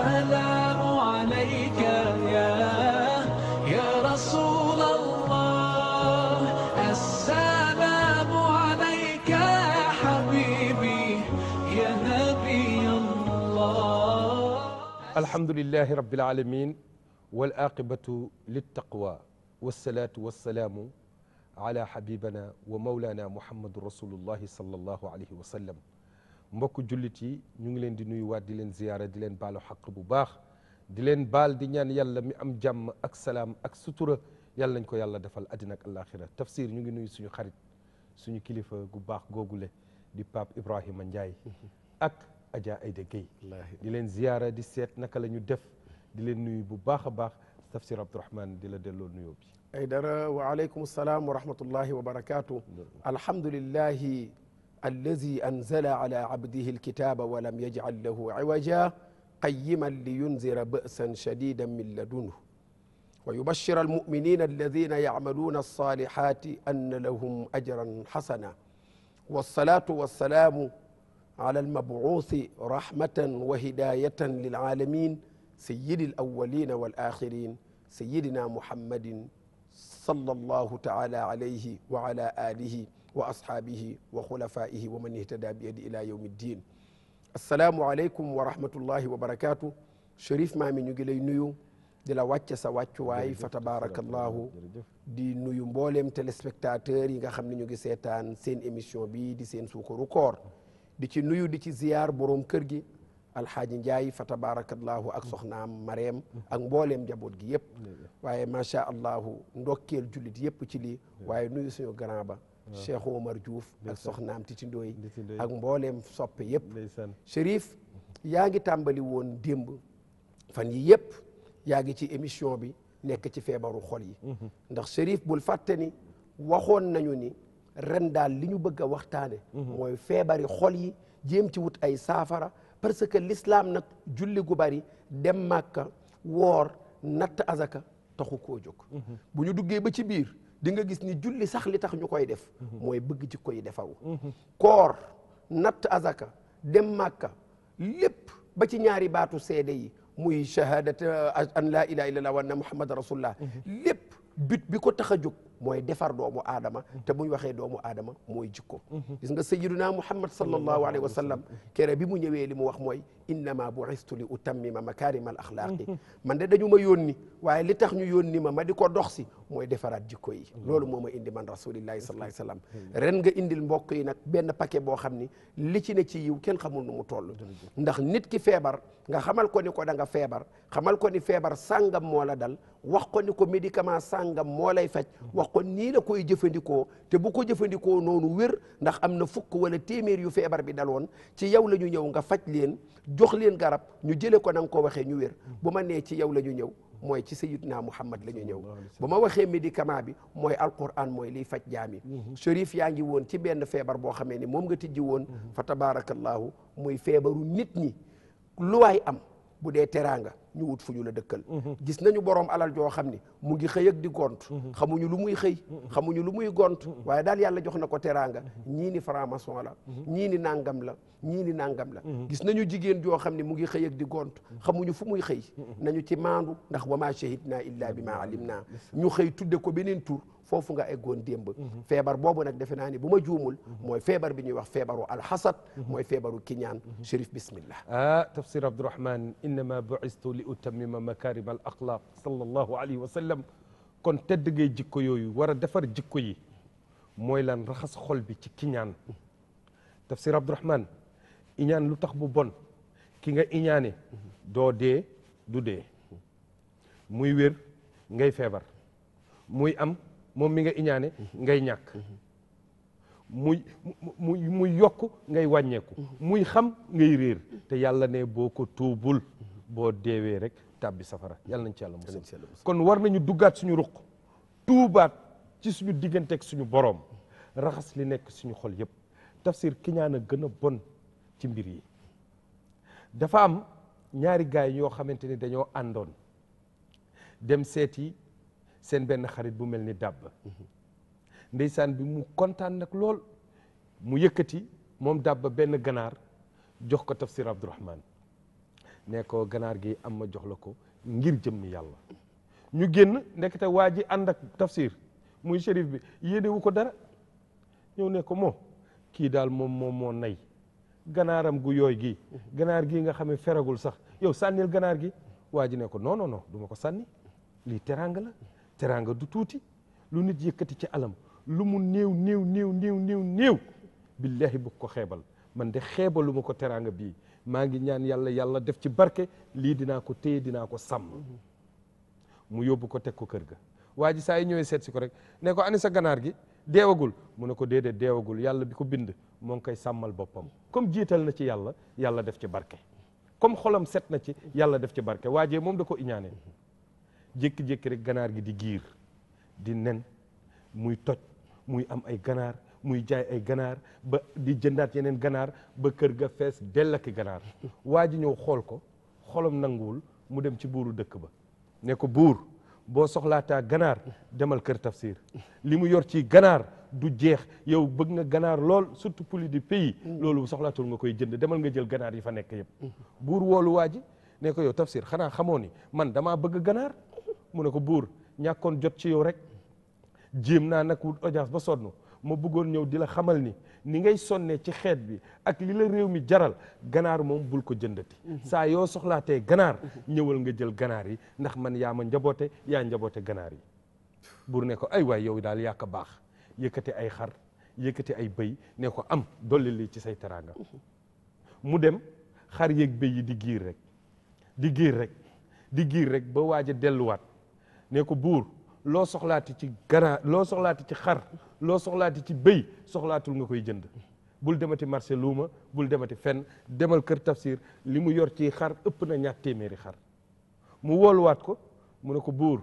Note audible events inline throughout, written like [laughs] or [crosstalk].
السلام عليك يا يا رسول الله السلام عليك يا حبيبي يا نبي الله الحمد لله رب العالمين والآقبة للتقوى والصلاة والسلام على حبيبنا ومولانا محمد رسول الله صلى الله عليه وسلم mbokk jullit yi ñu ngi leen di nuyuwaat di leen ziyaara di leen baalu xaq bu baax di leen baal di ñaan yàlla mi am jàmm ak salaam ak sutura yàlla nañ ko yàlla defal àddina ak àllaaxira tafsir ñu ngi nuyu suñu xarit suñu kilifa gu baax googu le di Pape Ibrahima Ndiaye [laughs] ak Adja Aïda Gueye di leen ziyaara di seet naka la ñu def di leen nuyu bu baax a baax tafsir Abdourahmane di la delloo nuyoo bi ay dara waaleykum salaam wa rahmatullahi wa alhamdulillahi allazi anzala ala abdihi alkitaba wa lam yaj'al lahu iwaja qayyiman liyunzira ba'san shadidan min ladunhu wa yubashira almuminina alladina yacmaluna alsalihati anna lahum ajran xasana walsalatu walsalamu ala almabuuthi rahmatan wa hidayatan lilaalamin sayidi alawalina walaxirin sayidina muhammadin sallallahu taala alayhi wa ala alihi wa ashaabihi wa xulafaihi wa man ihtada bi yadi ila yawmi ddin asalaamu aleykum wa rahmatullahi wa barakaatu Chérif Maami ñu ngi lay nuyu di la wàcce sa wàccuwaay fa tabaarakallahu di nuyu mbooleem téléspectateurs yi nga xam ne ñu gi seetaan seen émission bi di seen suukaru koor di ci nuyu di ci ziyaar boroom kër gi alxaaji Njaay fa tabaarakallaahu ak soxnaam mareem ak mbooleem njaboot gi yëpp waaye macha allahu ndokkeel jullit yëpp ci lii waaye nuyu suñu grand ba Cheikh Omar Diouf ak soxnaam Titi Ndoy ak mbooleem soppe yëpp Chérif yaa ngi tàmbali woon démb fan yi yëpp yaa ngi ci émission bi nekk ci feebaru xol yi mhm. ndax Chérif bul ni waxoon nañu ni ren daal li ñu bëgg a waxtaane mhm. mooy feebari xol yi jéem ci wut ay saafara parce que l'islam nag julli gu bari dem màkka woor natt azaka taxu koo jóg bu ñu duggee ba ci biir di nga gis ni julli sax li tax ñu koy def mooy bëgg ci koy defaw koor natt azaka dem màkka lépp ba ci ñaari baatu seede yi muy shahadat an la ilaha illallah wa anna rasulullah lépp but bi ko tax a jóg mooy defar doomu aadama te buñ waxee doomu aadama mooy jikko mhm. gis nga sayyiduna muhammad sallallahu alayhi wa sallam kere bi mu ñëwee li mu wax mooy innama bu'istu li utammima makaarimal axlaaqi mhm. man de dañu ma yónni waaye li tax ñu yónni ma ma di ko dox si mooy defaraat jikko yi mhm. loolu moo ma indi man rasulillahi sallallahu alayhi wasallam ren mhm. nga indil mbokk yi nag benn paquet boo xam ni li ci ne ci yiw kenn xamul nu mu toll ndax nit ki feebar nga xamal ko ni ko danga feebar xamal ko ni feebar sàngam moo dal wax ko ni ko médicament sàngam moo lay faj wax ko nii la koy jëfandikoo te bu ko jëfandikoo noonu wér ndax am na fukk wala téeméer yu feebar bi daloon ci yow la ñu ñëw nga faj leen jox leen garab ñu jële ko nan ko waxee ñu wér bu ma nee ci yow la ñu ñëw mooy ci sayidna Muhammad la ñu ñëw bu ma waxee médicament bi mooy alquran mooy liy faj jaami mhm. Chérif yaa ngi woon ci benn feebar boo xamee ni moom nga tijji woon mhm. fa tabarakallahu mooy feebaru nit ñi luwaay am bu dee teraanga ñu wut fu ñu la dëkkal mhm. gis nañu borom alal joo xam ni mu ngi xëy ak di gont xamuñu lu muy xëy xamuñu lu muy gont waaye daal yàlla jox na ko teraanga ñii ni franc-maçon la ñii ni la ñii ni nangam la mhm. gis nañu jigéen joo xam ne mu ngi xëy di gont mhm. xamuñu fu muy xëy mhm. nañu ci maandu ndax wa ma shahidna illa bi ma alim ñu xëy tudde ko beneen tur foofu nga ay eggoon démb feebar boobu nag defe naa ni bu ma juumul mooy feebar bi ñuy wax feebaru alxasad mooy feebaru kiñaan chérif bismillah ah tafsir abdourahman innama bu'istu li utammima makarim al axlaq sallallahu alayhi wa sallam kon tedd jikko yooyu war a defar jikko yi mooy lan xol bi ci kiñaan tafsir abdourahman iñaan lu tax bu bon ki nga iñaane doo dee du dee muy wér ngay feebar muy am moom mi nga iñaane ngay ñàkk muy mu muy yokk ngay wàññeeku muy xam ngay réer te yàlla ne boo ko tuubul boo deewee rek tàbbi safara yàlla nañ ci yàlla musal kon war nañu duggaat suñu ruq tuubaat ci suñu digganteek suñu boroom raxas li nekk suñu xol yëpp tafsir kiñaan a gën a bon ci mbir yi dafa am ñaari gaay yoo xamante ni dañoo àndoon dem seeti seen benn xarit bu mel ni dàbb ndeysaan bi mu kontaan nag lool mu yëkkati moom dàbb benn ganaar jox ko tafsir Abdourahman ne ganaar gi am ma jox la ko ngir jëmmi yàlla ñu génn ndekete waa ji ànd ak tafsir muy shérif bi yéenewu ko dara ñëw ne ko moo kii daal moom moom moo nay ganaaram gu yooy gi mm-hmm. ganaar gii nga xam ne feragul sax yow sànnil ganaar gi waa ji ne ko non non non ko sànni lii teraanga la teraanga du tuuti lu nit yëkkati ci alam lu mu néew néew néew néew néew néew billahi bu ko xeebal man de xeebalu ma ko teraanga bii maa ngi ñaan yàlla yàlla def ci barke lii dinaa ko téye dinaa ko sàmm mm-hmm. mu yóbbu ko teg ko kër ga waa saa yi ñëwee seet si ko rek nekko ko ani sa ganaar gi deewagul mu ne ko déedéet deewagul yàlla bi ko bind moo ngi koy sàmmal boppam comme jiital na ci yàlla yàlla def ci barke comme xolam set na ci yàlla def ci barke waajee moom da ko iñaane jékki-jékki rek ganaar gi di giir di nen muy toj muy am ay ganaar muy jaay ay ganaar ba di jëndaat yeneen ganaar ba kër ga fees dell ak ganaar waa ji ñëw xool ko xolam nanguwul mu dem ci buuru dëkk ba ne ko buur boo soxlaataa ganaar demal kër tafsir li mu yor ci ganaar du jeex yow bëgg nga ganaar lool surtout puli du pays loolu soxlaatul nga koy jënd demal nga jël ganaar yi fa nekk yëpp buur woolu waa ji ne ko xanaa xamoo ni man damaa bëgg ganaar mu ne ko buur ñàkkoon jot ci yow rek jéem naa nag wut audience ba sonn ma bëggoon ñëw di la xamal ni ni ngay sonnee ci xeet bi ak li la réew mi jaral ganaar moom bul ko jëndati mhm. saa yoo soxlaatee ganaar ñëwal nga jël ganaar yi ndax man yaa ma njaboote yaa njaboote ganaar yi buur ne ko ay waay yow daal yàq baax yëkkati ay xar yëkkati ay bëy ne ko am dolli lii ci say teraanga mhm. mu dem xar yéeg bëy yi di giir rek di giir rek di giir rek ba waaj a delluwaat ne ko buur loo soxlaati ci garan loo soxlaati ci xar loo soxlaati ci béy soxlaatul nga koy jënd bul demati marché luuma bul demati fenn demal kër tafsir li mu yor ci xar ëpp na ñaat téeméeri xar mu wooluwaat ko mu ne ko buur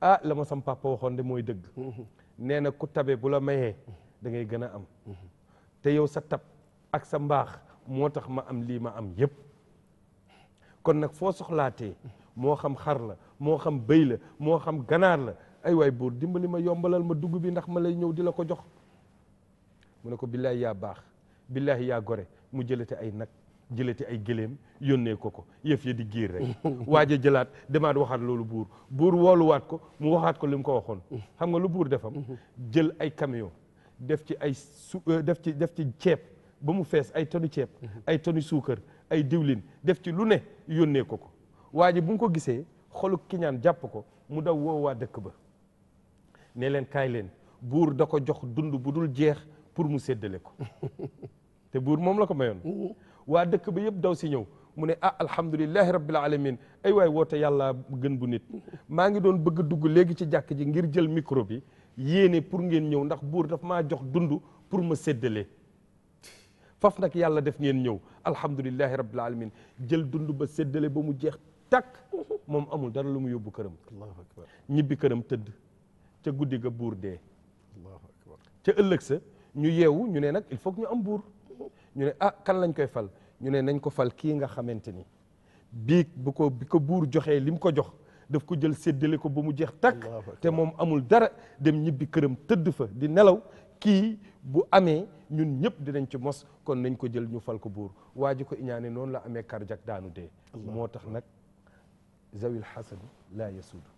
ah la ma sam waxoon de mooy dëgg nee na ku tabe bu la mayee dangay gën a am te yow sa tab ak sa mbaax moo tax ma am lii ma am yépp kon nag foo soxlaatee moo xam xar la moo xam béy la moo xam ganaar la ay waay buur dimbali ma yombalal ma dugg bi ndax ma lay ñëw di la ko jox mu ne ko billaahi yaa baax billaahi yaa gore mu jëlate ay nag jëlate ay gëléem yónnee ko ko yëf ya di giir rek [laughs] waaje jëlaat demaat waxaat loolu buur buur wooluwaat ko mu waxaat ko li mu ko waxoon xam nga lu buur defam [laughs] jël ay camion def ci ay su euh, ci def ci ceeb ba mu fees ay tonu ceeb [laughs] ay tonu suukar ay diwlin def ci lu ne yónnee ko ko waaje bu mu ko gisee xolu kiñaan jàpp ko mu daw woo waa dëkk ba ne leen kaay leen buur da ko jox dund bu dul jeex pour mu séddale ko [laughs] te buur moom la ko mayoon mm-hmm. waa dëkk ba yëpp daw si ñëw mu ne ah alhamdulilahi rabbil alamin ay waay woote yàlla gën bu nit [laughs] maa ngi doon bëgg dugg léegi ci jàkk ji ngir jël micro bi yéene pour ngeen ñëw ndax buur dafa maa jox dund pour ma seddale faf nag yàlla def ngeen ñëw alhamdulilahi rabbil alamin jël dund ba seddale ba mu jeex takk mm-hmm. moom amul dara lu mu yóbbu këram ñibbi këram tëdd ca guddi ga buur dee ëllëg sa ñu yeewu ñu ne nag il faut ñu am buur ñu ne ah kan lañ koy fal ñu ne nañ ko fal kii nga xamante ni bii bu ko ko buur joxee li mu ko jox daf ko jël séddale ko ba mu jeex takk te moom amul dara dem ñibbi këram tëdd fa di nelaw kii bu amee ñun ñëpp dinañ ci mos kon nañ ko jël ñu fal ko buur waa ji ko iñaane noonu la amee karjak daanu dee moo tax nag zawil xasan laa yasuudu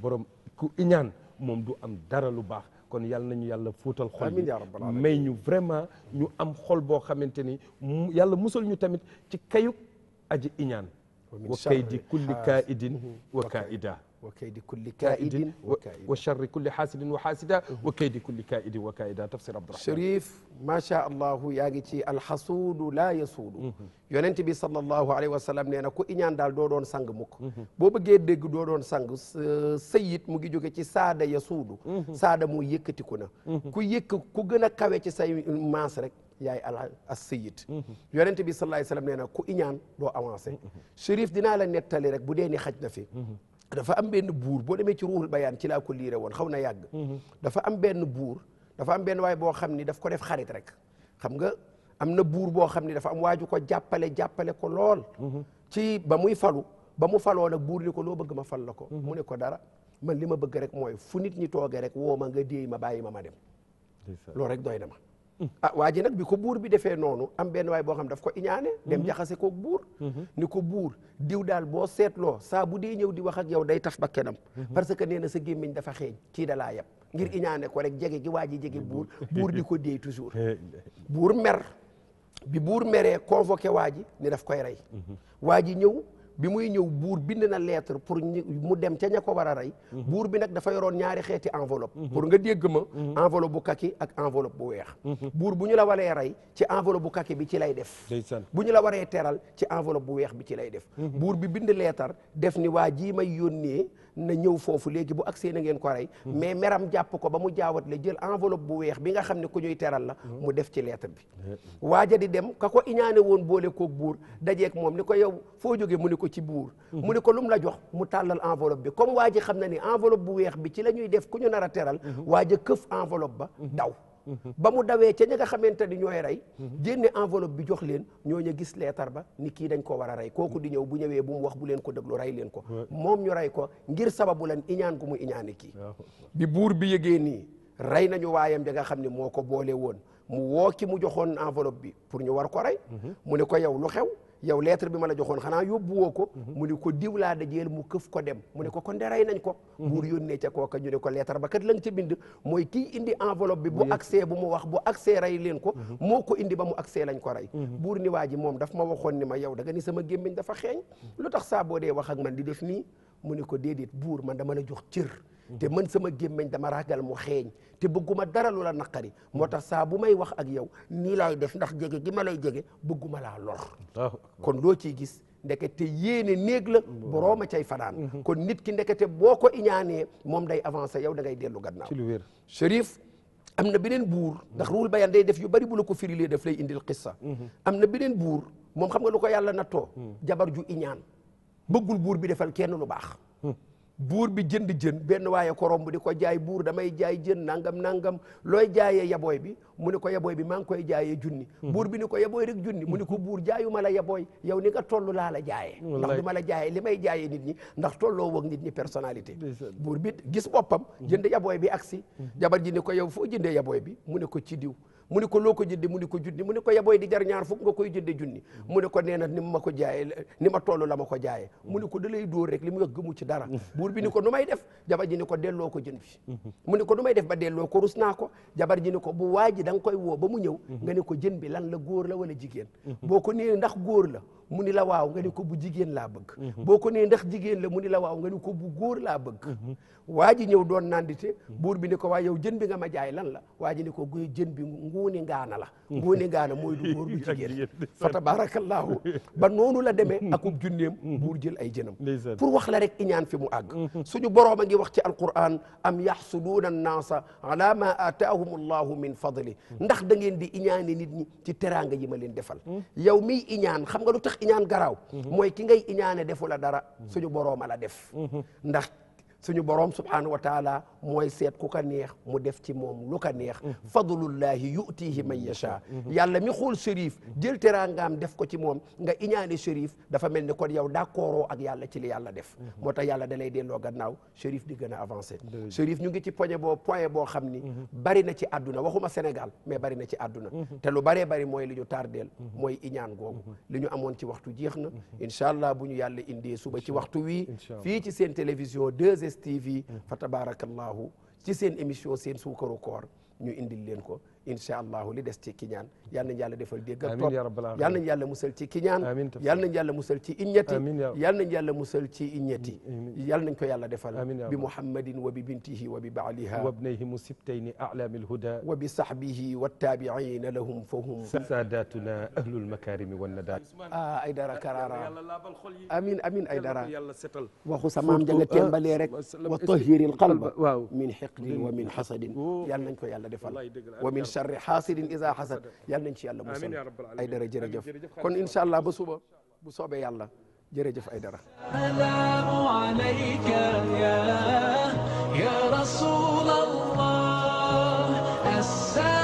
borom ku iñaan moom du am dara lu baax kon yàlla nañu yàlla fóotal xol bi may ñu vraiment ñu am xol boo xamante ni yàlla musal ñu tamit ci kayuk aji iñaan wa kay di kulli kaa idin wa kaa ida wa kaydi kulli kaidin wa charri kulli xaasidin wa xaasida wa kaydi kulli kaidin wa kaida tafsir Abdurahman Cherif macha allahu yaa ngi ci alxasuudu laa yasuudu yonent bi sallallahu alayhi wa sallam nee na ku iñaan daal doo doon sang mukk boo bëggee dégg doo doon sang sayit mu ngi jóge ci saada yasuudu saada mu yëkkatiku na ku yëkk ku gën a kawe ci say maas rek yaay ala as sayid yonent bi sallallahu alayhi wa sallam nee na ku iñaan doo avancé Cherif dinaa la nettali rek bu dee ni xaj na fi dafa am benn buur boo demee ci ruuxul bayaan ci laa ko liire woon xaw na yàgg mhm. dafa am benn buur dafa am benn waay boo xam ni daf ko def xarit rek xam nga am na buur boo xam ni dafa am waaju ko jàppale jàppale ko lool mhm. ci ba muy falu ba mu faloo nag buur ni ko loo bëgg ma fal la ko mhm. mu ne ko dara man li ma bëgg rek mooy fu nit ñi toogee rek woo ma nga déey ma bàyyi ma ma dem loo rek doy na ma ah waa ji nag bi ko buur bi defee noonu am benn waay boo xam daf ko iñaane dem mhm. jaxase koog buur mhm. ni ko buur diw daal boo seetloo saa bu dee ñëw di wax ak yow day taf ba kenam mhm. parce que nee na sa gémmiñ dafa xeeñ kii dalaa laa yab ngir iñaane ko rek jege gi waa ji jege buur [laughs] buur di ko dee toujours buur mer bi buur meree convoqué waa ji ni daf koy rey waa ji ñëw bi muy ñëw buur bind na lettre pour mu dem ca ña ko war a rey mhm. buur bi nag dafa yoroon ñaari xeeti enveloppe mhm. pour nga dégg ma mhm. enveloppe bu kaki ak enveloppe bu weex buur bu ñu la waree rey ci enveloppe bu kaki bi ci lay def bu ñu la waree teral ci enveloppe bu weex bi ci lay def buur bi bind leetar def ni waa jii may yónnee na ñëw foofu léegi bu agsee na ngeen ko rey hmm. mais meram jàpp ko ba mu jaawat la jël enveloppe bu weex bi nga xam ne ku ñuy teral la hmm. mu def ci lettre bi hmm. waaja di dem ka ko iñaane woon boole koog buur dajeek moom ni ko yow foo jóge mu ni ko ci buur mu ni ko lu la jox mu tàllal enveloppe bi comme waa ji xam na ni enveloppe bu weex bi ci la ñuy def ku ñu nar a teral waaja këf enveloppe ba daw ba mu dawee ca ña nga xamante ni ñooy rey génne enveloppe bi jox leen ñoo ñooñu gis leetar ba ni kii dañ ko war a rey kooku di ñëw bu ñëwee bu mu wax bu leen ko déglu rey leen ko moom ñu rey ko ngir sababu lan iñaan gu mu iñaane kii bi buur bi yëgee nii rey nañu waayam ja nga xam ne moo ko boole woon mu woo ki mu joxoon enveloppe bi pour ñu war ko rey mhm. mu ne ko yow lu xew yow lettre bi ma la joxoon xanaa yóbbu woo ko mu ni ko diw laa dajeel mu këf ko dem mu ne ko kon de rey nañ ko buur yónnee ca kooka ñu ne ko lettre ba kat la nga bind mooy kii indi enveloppe bi bu accès bu mu wax bu accès rey leen ko mhm. moo ko indi ba mu accès lañ ko rey mhm. buur ni waa ji moom dafa ma waxoon ni ma yow daga ni sama gémmiñ dafa xeeñ mhm. lu tax saaboo dee wax ak man di def nii mu ne ko déedéet buur man dama la jox cër te man sama gémmiñ dama ragal mu xeeñ te bëgguma dara loola la naqari moo tax saa bu may wax ak yow nii laay def ndax jege gi ma lay jege bëgguma laa lor kon loo ciy gis ndekete yéene néeg la borooma cay fanaan mhm. kon nit ki ndekete boo ko iñaanee moom day avancé yow da ngay dellu gannaaw ci lu wér Chérif am na beneen buur ndax ruul bayan day def yu bari bu ko firilee daf lay indil qissa mhm. am na beneen buur moom xam nga lu ko yàlla nattoo mhm. jabar ju iñaan bëggul buur bi defal kenn lu baax hmm. buur bi jënd jën benn waaye ko romb di ko jaay buur damay jaay jën nangam nangam looy jaayee yabooy bi mu ne ko yabooy bi maa ngi koy jaayee junni hmm. buur bi ne ko yabooy rek junni mu ne ko hmm. buur jaayu ma la yabooy yow ni nga toll laa la jaaye ndax du ma la jaayee li may jaayee nit ñi ndax tolloo wag nit ñi personnalité buur bi gis boppam jënd yabooy bi aksi jabar ji ne ko yow foo jëndee yabooy bi mu ne ko ci diw mu ni ko loo ko jënde mu ni ko junni mu ni ko yaboy di jar ñaar fukk nga koy jënde junni mu ni ko nee na ni ma ko jaayee ni ma toll la ma ko jaaye mu ni ko da lay dóor rek li mu wax gëmu ci dara buur bi ni ko nu may def jabar ji ni ko delloo ko jën bi mu ni ko nu may def ba delloo ko rus naa ko jabar ji ni ko bu waa ji da nga woo ba mu ñëw nga ni ko jën bi lan la góor la wala jigéen boo ko nee ndax góor la mu ni la waaw nga ni ko bu jigéen laa bëgg mhm. boo ko nee ndax jigéen la mu ni la waaw nga ni ko bu góor laa bëgg mhm. waa ji ñëw doon dite mhm. buur bi ni ko waa yow jën bi nga ma jaay lan la waa ji ni ko guy jën bi nguuni ngaana la nguuni ngaana mooy du góor du [laughs] jigéen fa tabaarakallaahu ba noonu la demee akub junneem buur jël ay jënam pour wax la rek iñaan fi mu àgg suñu boroom ngi wax ci alquran am yaxsuduuna annaasa ala ma aataahum allahu min fadli ndax da ngeen di iñaane nit ci teraanga yi ma leen defal iñaan garaaw mhm. mooy ki ngay iñaane defu la dara suñu borooma la def mhm. ndax suñu borom subhanahu wa taala mooy seet ku ka neex mu def ci moom lu ka neex mm-hmm. fadlullahi yutihi man mm-hmm. yacha mm-hmm. yàlla mi xool shérif jël teraangaam def ko ci moom nga iñaane shérif dafa mel ni kon yow d'accord ak yàlla ci li yàlla def moo tax yàlla da lay delloo gannaaw shérif di gën a avancé shérif ñu ngi ci poñe boo point boo xam ni bari na ci àdduna waxuma Sénégal mais bari na ci àdduna te lu baree bari mooy li ñu tardeel mooy iñaan googu li ñu amoon ci waxtu jeex na incha allah bu ñu yàlla indee suba ci waxtu wii fii 2STV fa tabaarakallaahu ci seen émission seen suukaru koor ñu indil leen ko incha allahu li des ci kiñaan yal nañ yàlla defal dégg ak topp yal nañ yàlla musal ci kiñaan yal nañ yàlla musal ci iññati yal nañ yàlla musal ci iññati yal nañ ko yàlla defal bi muhammadin wa bi bintihi wa bi baaliha wa bnayhim sibtayni a'lami alhuda wa bi sahbihi wattabiina lahum fa hum sadatuna ahlul makarimi wan nadat ah ay dara karara amin amin ay dara waxu sa maam ja nga tembalee rek ah, wa tahiril qalba min hiqdin wa min hasadin yal nañ ko yàlla defal wa min charri xaasidin isa xasad yàlla nañ ci yàlla musal ay dara jërëjëf kon incha allah ba suba bu soobee yàlla jërëjëf ay dara salaamu alayka ya rasulallah